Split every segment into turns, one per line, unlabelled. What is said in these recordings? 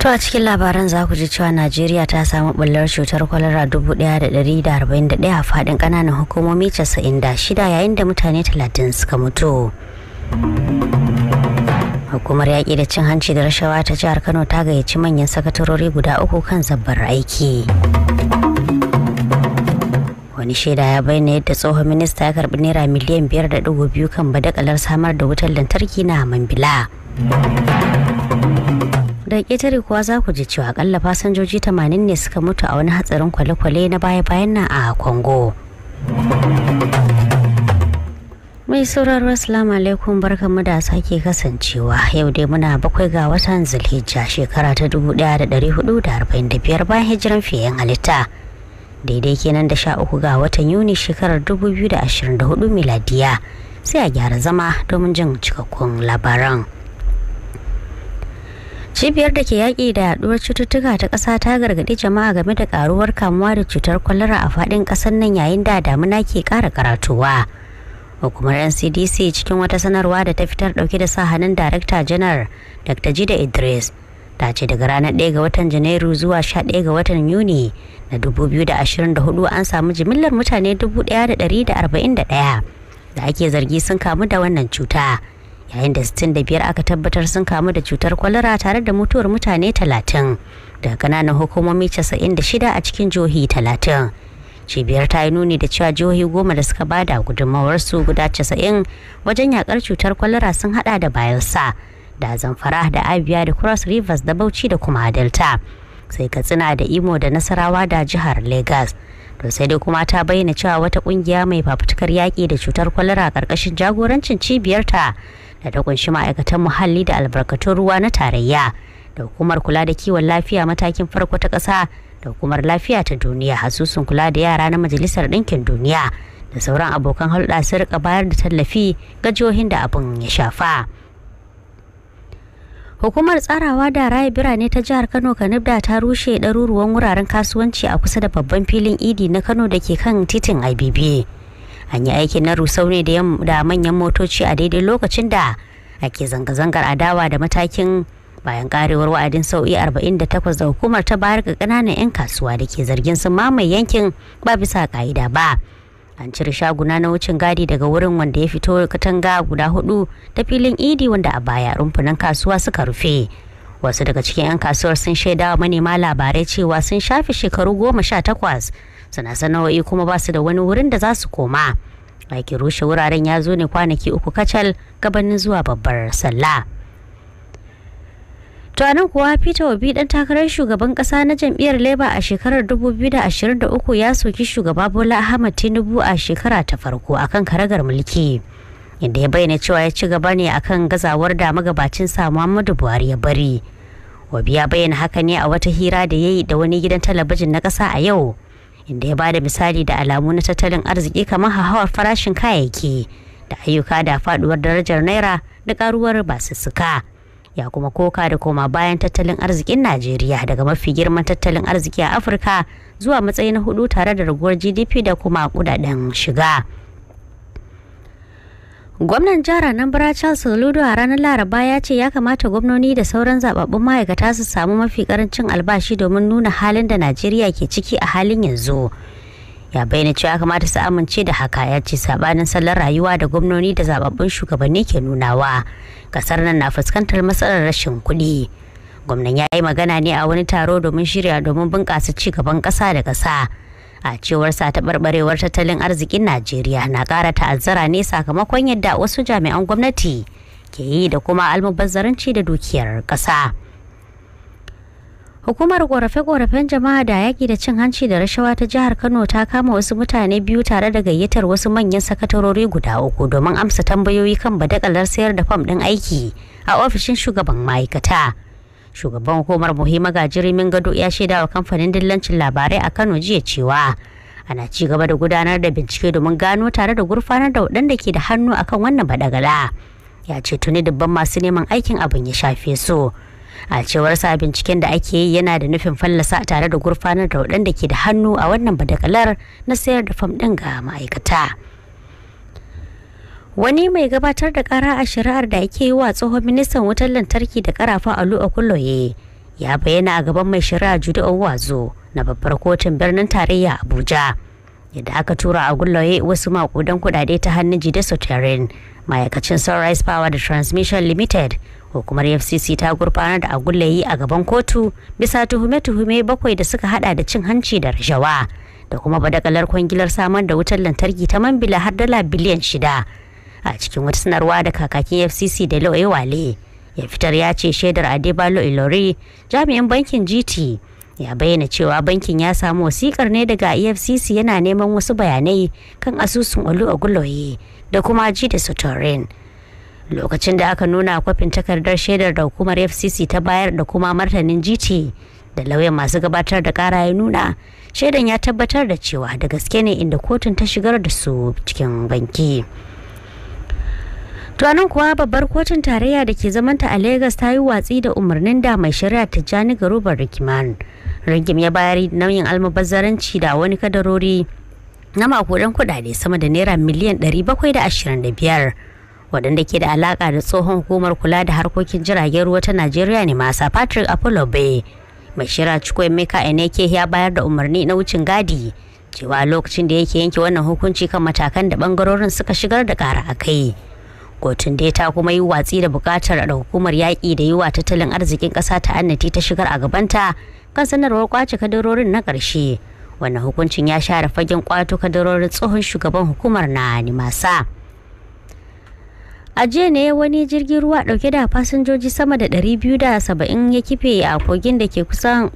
To a cikin labaran za ku ji cewa Najeriya ta samu bullar cutar kwalara 1,141 a faɗin kananan hukumomi 96 yayin da mutane 30 suka mutu. Hukumar yaƙi da cin hanci da rashawa ta jihar Kano ta gayyaci manyan sakatarori guda uku kan zabbar aiki. Wani shaida ya bayyana yadda tsohon minista ya karbi naira miliyan 5.2 kan badakalar samar da wutar lantarki na Mambila. da ƙetare kuwa za ku ji cewa akalla fasinjoji 80 ne suka mutu a wani hatsarin kwale-kwale na baya-bayan nan a congo mai sauraro assalamu alaikum barkanmu da sake kasancewa yau dai muna bakwai ga watan zulhijja shekara ta 1445 bayan hijiran fiyen halitta daidai kenan da sha uku ga watan yuni shekarar 2024 miladiya sai a gyara zama domin jin cikakkun labaran cibiyar da ke yaƙi da yaduwar cututtuka ta ƙasa ta gargaɗi jama'a game da ƙaruwar kamuwa da cutar kwalara a faɗin ƙasar nan yayin da damuna ke ƙara karatuwa hukumar ncdc cikin wata sanarwa da ta fitar ɗauke da sa hannun darakta janar dr jida idris ta ce daga ranar 1 ga watan janairu zuwa 11 ga watan yuni na 2024 an samu jimillar mutane 1,141 da ake zargi sun kamu da wannan cuta. yayin da 65 aka tabbatar sun kamu da cutar kwalara tare da mutuwar mutane 30 daga kananan hukumomi 96 a cikin jihohi 30 cibiyar ta yi nuni da cewa jihohi goma da suka bada su guda 90 wajen yakar cutar kwalara sun hada da bayelsa da zamfara da abia da cross rivers da bauchi da kuma delta sai katsina da imo da nasarawa da jihar lagos to sai dai kuma ta bayyana cewa wata kungiya mai fafutukar yaki da cutar kwalara ƙarƙashin jagorancin cibiyar ta da ta kunshi ma'aikatan muhalli da albarkatun ruwa na tarayya da hukumar kula da kiwon lafiya matakin farko ta ƙasa da hukumar lafiya ta duniya hasusun kula da yara na majalisar ɗinkin duniya da sauran abokan hulɗa su rika bayar da tallafi ga jihohin da abin ya shafa hukumar tsarawa da raya birane ta jihar kano kanibda ta rushe ɗaruruwan wuraren kasuwanci a kusa da babban filin idi na kano da ke kan titin ibb an yi aikin na rusau ne da manyan motoci a daidai lokacin da ake zanga-zangar adawa da matakin bayan karewar wa'adin sau'i 48 da hukumar ta bayar ga kananan 'yan kasuwa da ke zargin sun mamaye yankin ba bisa ka'ida ba an cire shaguna na wucin gadi daga wurin wanda ya fito katanga guda hudu ta filin idi wanda a baya rumfunan kasuwa suka rufe wasu daga cikin 'yan kasuwar sun shaida wa manema labarai cewa sun shafe shekaru goma sha takwas sana sana'o'i kuma ba su da wani wurin da za su koma aikin rushe wuraren ya zo ne kwanaki uku kacal gabanin zuwa babbar sallah To kowa nan kuwa Peter Obi dan takarar shugaban kasa na jam'iyyar Labour a shekarar 2023 ya soki shugaba Bola Ahmed Tinubu a shekara ta farko akan karagar mulki. Inda ya bayyana cewa ya ci gaba ne akan gazawar da magabacin sa Muhammadu Buhari ya bari. Obi ya bayyana haka ne a wata hira da ya yi da wani gidan talabijin na kasa a yau. inda ya bada misali da alamu na tattalin arziki kamar hauhawar farashin kayayyaki da ayyuka da faduwar darajar naira da karuwar basussuka ya kuma koka da koma bayan tattalin arzikin najeriya daga mafi girman tattalin arziki a afirka zuwa matsayi na hudu tare da raguwar gdp da kuma kudaden shiga Gwamnan jihar Anambra Charles Oludo a ranar Laraba ya ce ya kamata gwamnoni da sauran zababbun ma'aikata su samu mafi karancin albashi domin nuna halin da Najeriya ke ciki a halin yanzu. Ya bayyana cewa kamata su amince da haka ya ce sabanin sallar rayuwa da gwamnoni da zababbun shugabanni ke nunawa. Kasar nan na fuskantar matsalar rashin kuɗi. Gwamnan ya yi magana ne a wani taro domin shirya domin bunƙasa ci gaban ƙasa da ƙasa. a cewar sa taɓarɓarewar tattalin arzikin najeriya na ƙara ta'azzara ne sakamakon yadda wasu jami'an gwamnati ke yi da kuma almubazzaranci da dukiyar ƙasa hukumar ƙorafe-ƙorafen jama'a da yaƙi da cin hanci da rashawa ta jihar kano ta kama wasu mutane biyu tare da gayyatar wasu manyan sakatarori guda uku domin amsa tambayoyi kan badakalar sayar da fam ɗin aiki a ofishin shugaban ma'aikata. shugaban hukumar muhimma gajirimin gado ya shaida wa kamfanin dillancin labarai a kano jiya cewa ana ci gaba da gudanar da bincike domin gano tare da gurfanar da waɗanda ke da hannu akan wannan badagala ya ce tuni dubban masu neman aikin abin ya shafe su a cewar sa binciken da ake yi yana da nufin fallasa tare da gurfanar da waɗanda ke da hannu a wannan badagalar na sayar da fam ɗin ga ma'aikata. wani mai gabatar da kara a shari'ar da ake yi wa tsohon ministan wutar lantarki da karafa alu okunloye ya bayyana a gaban mai shari'a jude wazo na babbar kotun birnin tarayya abuja yadda aka tura a gullaye wasu makudan kudade ta hannun jide soterin ma'aikacin sunrise power da transmission limited hukumar fcc ta gurfanar da agullayi a gaban kotu bisa tuhume-tuhume bakwai da suka hada da cin hanci da rashawa da kuma badakalar kwangilar samar da wutar lantarki ta man bila har dala biliyan shida a cikin wata sanarwa da kakakin fcc da lo'e wale ya fitar ya ce shaidar adebalo ilori jami'in bankin gt ya bayyana cewa bankin ya samu wasikar ne daga efcc yana neman wasu bayanai kan asusun olu oguloye da kuma ji da sutorin lokacin da aka nuna kwafin takardar shaidar da hukumar fcc ta bayar da kuma martanin gt da lauyan masu gabatar da kara ya nuna shaidan ya tabbatar da cewa da gaske ne inda kotun ta shigar da su cikin banki. to anan kuwa babbar kotun tarayya da ke zamanta a Legas ta yi watsi da umarnin da mai shari'a ta jani garubar rikiman rigim ya bayar nauyin almubazzaranci da wani kadarori na makudan kudade sama da naira miliyan 725 waɗanda ke da alaka da tsohon hukumar kula da harkokin jiragen ruwa ta najeriya ne masa patrick apollo bay mai shira cikwe meka eneke ya bayar da umarni na wucin gadi cewa lokacin da yake yanke wannan hukunci kan matakan da bangarorin suka shigar da ƙara a kai kotun dai ta kuma yi watsi da bukatar da hukumar yaƙi da yiwa tattalin arzikin ƙasa ta annati ta shigar a gabanta kan sanarwar kwace kadarorin na ƙarshe wannan hukuncin ya share fagen kwato kadarorin tsohon shugaban hukumar na nimasa a jiya ne wani jirgin ruwa dauke da fasinjoji sama da 270 ya kife a kogin da ke kusan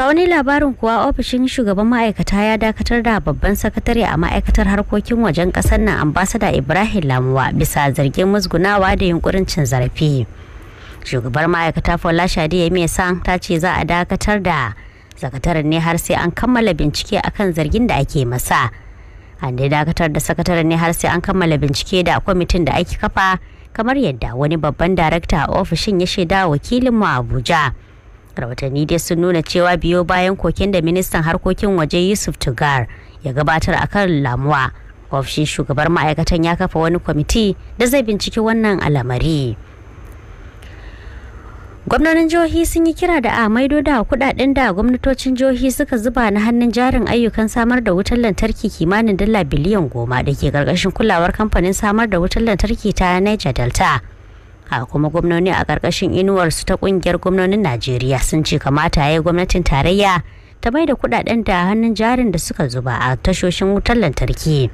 a wani labarin kuwa ofishin shugaban ma'aikata ya dakatar da babban sakatare a ma'aikatar harkokin wajen kasar nan ambasada ibrahim lamuwa bisa zargin musgunawa da yunkurin cin zarafi shugabar ma'aikata fola shadi ya mai san ta ce za a dakatar da sakataren ne har sai an kammala bincike akan zargin da ake masa an dai dakatar da sakataren ne har sai an kammala bincike da kwamitin da ake kafa kamar yadda wani babban darakta a ofishin ya shaida wakilin mu abuja rahotanni dai sun nuna cewa biyo bayan koken da ministan harkokin waje yusuf tugar ya gabatar a kan lamuwa ofishin shugabar ma'aikatan ya kafa wani kwamiti da zai binciki wannan al'amari gwamnonin jihohi sun yi kira da a maido da kudaden da gwamnatocin jihohi suka zuba na hannun jarin ayyukan samar da wutar lantarki kimanin dala biliyan goma da ke karkashin kulawar kamfanin samar da wutar lantarki ta niger delta a kuma gwamnoni a ƙarƙashin inuwarsu ta ƙungiyar gwamnonin najeriya sun ce kamata ya yi gwamnatin tarayya ta mai da kuɗaɗen da hannun jarin da suka zuba a tashoshin wutar lantarki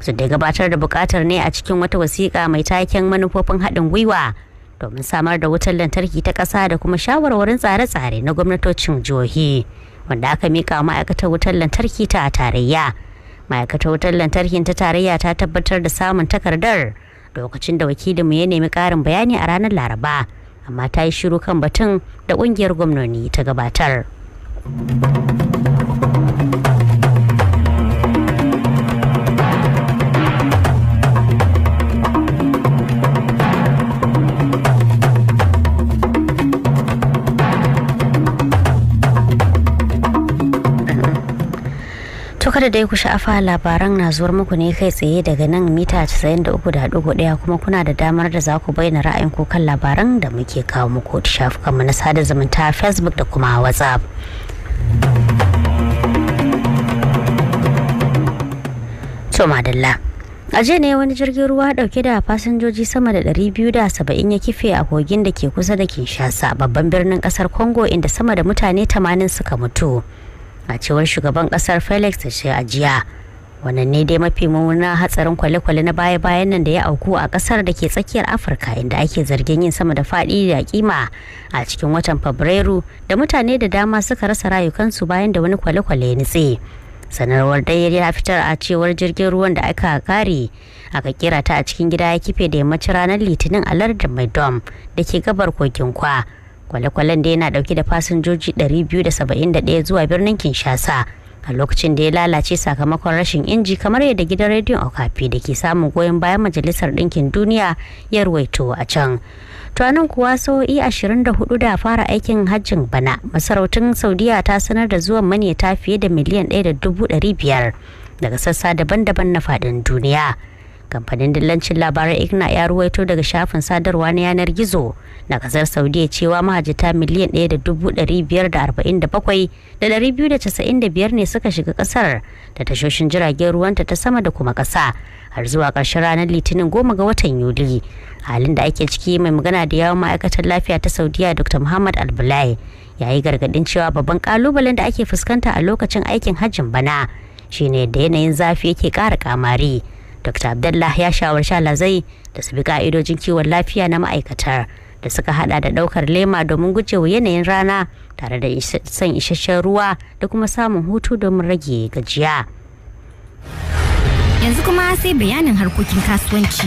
su dai gabatar da bukatar ne a cikin wata wasiƙa mai taken manufofin haɗin gwiwa domin samar da wutar lantarki ta ƙasa da kuma shawarwarin tsare-tsare na gwamnatocin jihohi wanda aka mika ma'aikatar wutar lantarki ta tarayya ma'aikatar wutar lantarkin ta tarayya ta tabbatar da samun takardar lokacin da wakilinmu ya nemi ƙarin bayani a ranar laraba amma ta yi shiru kan batun da ƙungiyar gwamnoni ta gabatar. Kada dai ku sha'afa labaran na zuwar muku ne kai tsaye daga nan mita 93.1 kuma kuna da damar da za ku bayyana ra'ayinku kan labaran da muke kawo muku ta shafukanmu na sada zumunta Facebook da kuma WhatsApp. a jiya ne wani jirgin ruwa dauke da fasinjoji sama da 270 ya kife a kogin da ke kusa da kinshasa babban birnin kasar congo inda sama da mutane 80 suka mutu a cewar shugaban kasar felix ce a jiya wannan ne dai mafi mummuna hatsarin kwale-kwale na baya-bayan nan da ya auku a kasar da ke tsakiyar afirka inda ake zargin yin sama da faɗi da kima a cikin watan fabrairu da mutane da dama suka rasa rayukansu bayan da wani kwale-kwale ya nutse sanarwar dai ya fitar a cewar jirgin ruwan da aka kare aka kira ta a cikin gida ya kife da yammacin ranar litinin a lardin maidom da ke gabar kogin kwa kwale-kwalen da yana dauke da fasinjoji 271 zuwa birnin kinshasa a lokacin da ya lalace sakamakon rashin inji kamar yadda gidan rediyon okafi da ke samun goyon bayan majalisar ɗinkin duniya ya ruwaito a can tunanin kuwa sau'i 24 da fara aikin hajjin bana masarautun saudiya ta sanar da zuwan manyata fiye da miliyan 1.500 daga sassa daban-daban na faɗin duniya. kamfanin dillancin labarai igna ya ruwaito daga shafin sadarwa na yanar gizo na kasar saudiya cewa mahajjata miliyan da 1,547,295 ne suka shiga kasar da tashoshin jiragen ruwanta ta sama da kuma kasa har zuwa ƙarshen ranar litinin goma ga watan yuli halin da ake ciki mai magana da yawon ma'aikatar lafiya ta saudiya dr muhammad albulai ya yi gargaɗin cewa babban ƙalubalen da ake fuskanta a lokacin aikin hajjin bana shine da yanayin zafi yake ƙara kamari. dr abdullah ya shawarci alazai da su bi ka'idojin kiwon lafiya na ma'aikatar da suka hada da daukar lema domin gujewa yanayin rana tare da son isasshen ruwa da kuma samun hutu domin rage gajiya yanzu kuma sai bayanin harkokin kasuwanci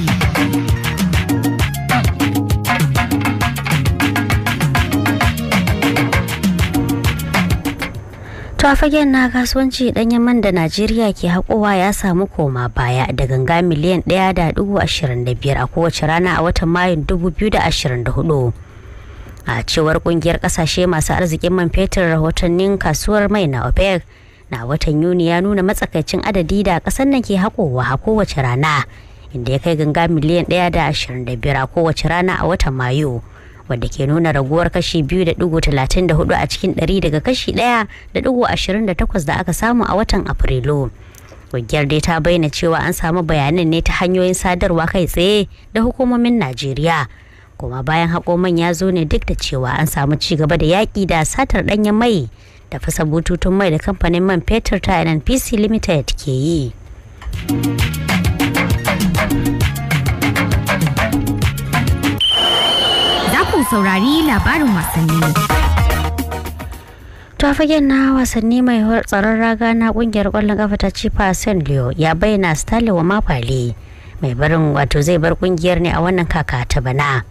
ta fagen na kasuwanci danyen man da najeriya ke haƙowa ya samu koma baya da ganga miliyan 1.25 a kowace rana a watan mayun 2024 a cewar ƙungiyar ƙasashe masu arzikin man fetur rahotannin kasuwar mai na opec na watan yuni ya nuna matsakaicin adadi da ƙasar nan ke haƙowa a kowace rana inda ya kai ganga miliyan 1.25 a kowace rana a watan mayu wadda ke nuna raguwar kashi 2.34 a cikin 100 daga kashi 1.28 da aka samu a watan Afrilu. Ƙungiyar dai ta bayyana cewa an samu bayanan ne ta hanyoyin sadarwa kai tsaye da hukumomin Najeriya. Kuma bayan hakoman ya zo ne duk da cewa an samu ci gaba da yaƙi da satar ɗanyen mai da fasa bututun mai da kamfanin man fetur ta NNPC Limited ke yi. saurari labarin wasanni. ta fagen na wasanni mai tsaron raga na kungiyar kwallon kafa ta cifa St. leo ya bayyana stanley wa mafale mai barin wato zai bar kungiyar ne a wannan kaka ta bana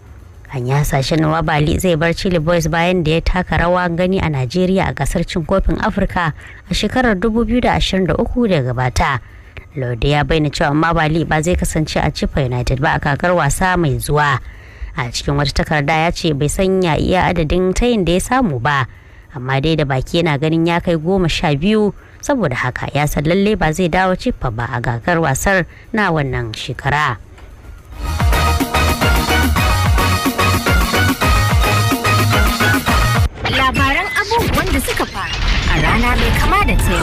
an ya na wabali zai bar chile boys bayan da ya taka rawa gani a najeriya a gasar cin kofin afirka a shekarar 2023 da gabata Lodi ya bayyana cewa mabali ba zai kasance a cifa united ba a kakar wasa mai zuwa a cikin wata takarda ya ce bai sanya iya adadin tayin da ya samu ba amma dai da baki yana ganin ya kai goma sha biyu saboda haka ya san lalle ba zai dawo cifa ba a gagar wasar na wannan shekara. labaran abubuwan da suka faru a rana mai kama da tsaye.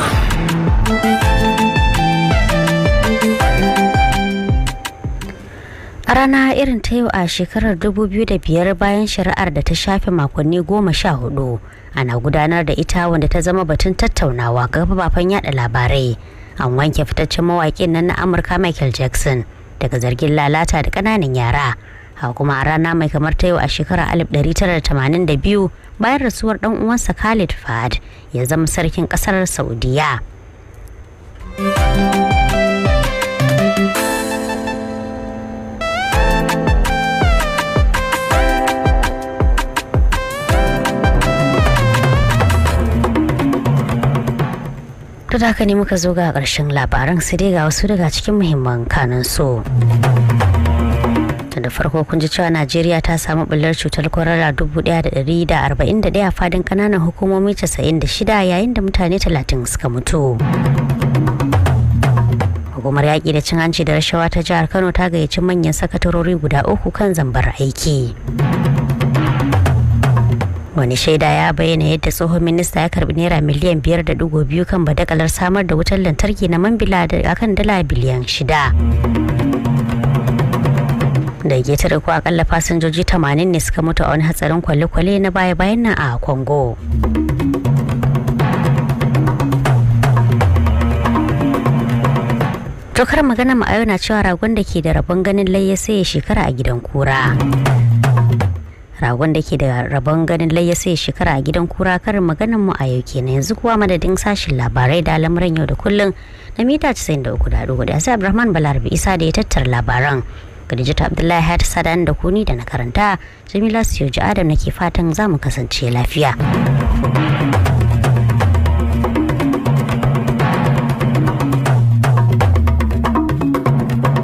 A rana irin ta yau a shekarar 2005 bayan shari'ar da ta shafe makonni goma sha hudu ana gudanar da ita wanda ta zama batun tattaunawa ga baban yada labarai an wanke fitaccen mawaƙin nan na Amurka Michael Jackson daga zargin lalata da ƙananan yara. A kuma a rana mai kamar ta yau a shekarar 1982 bayan rasuwar ɗan uwansa Khalid Fahad ya zama sarkin ƙasar Saudiya. to da haka ne muka zo ga ƙarshen labaran sai dai ga wasu daga cikin muhimman kanan so. da farko kun ji cewa Najeriya ta samu bullar cutar kwarara 1,141 a fadin kananan hukumomi 96 yayin da mutane 30 suka mutu. Hukumar yaƙi da cin hanci da rashawa ta jihar Kano ta gayyaci manyan sakatarori guda uku kan zambar aiki. wani shaida ya bayyana yadda tsohon minista ya karbi naira miliyan biyar da dugo biyu kan badakalar samar da wutar lantarki na mambila da akan dala biliyan shida da getar ko akalla fasinjoji 80 ne suka mutu a wani hatsarin kwale-kwale na baya-bayan nan a congo tokar magana ma'ayo na cewa ragon da ke da rabon ganin layya sai ya shekara a gidan kura ragon da ke da rabon ganin laye sai shekara a gidan kura karin maganin mu a yau kenan yanzu kuwa madadin sashin labarai da lamuran yau da kullun na mita 93.4 sai Abdulrahman Balarabi Isa da ya tattara labaran Khadijatu Abdullahi Hayat Sadan da kuni da na karanta Jamila Siyoji Adam nake fatan za mu kasance lafiya.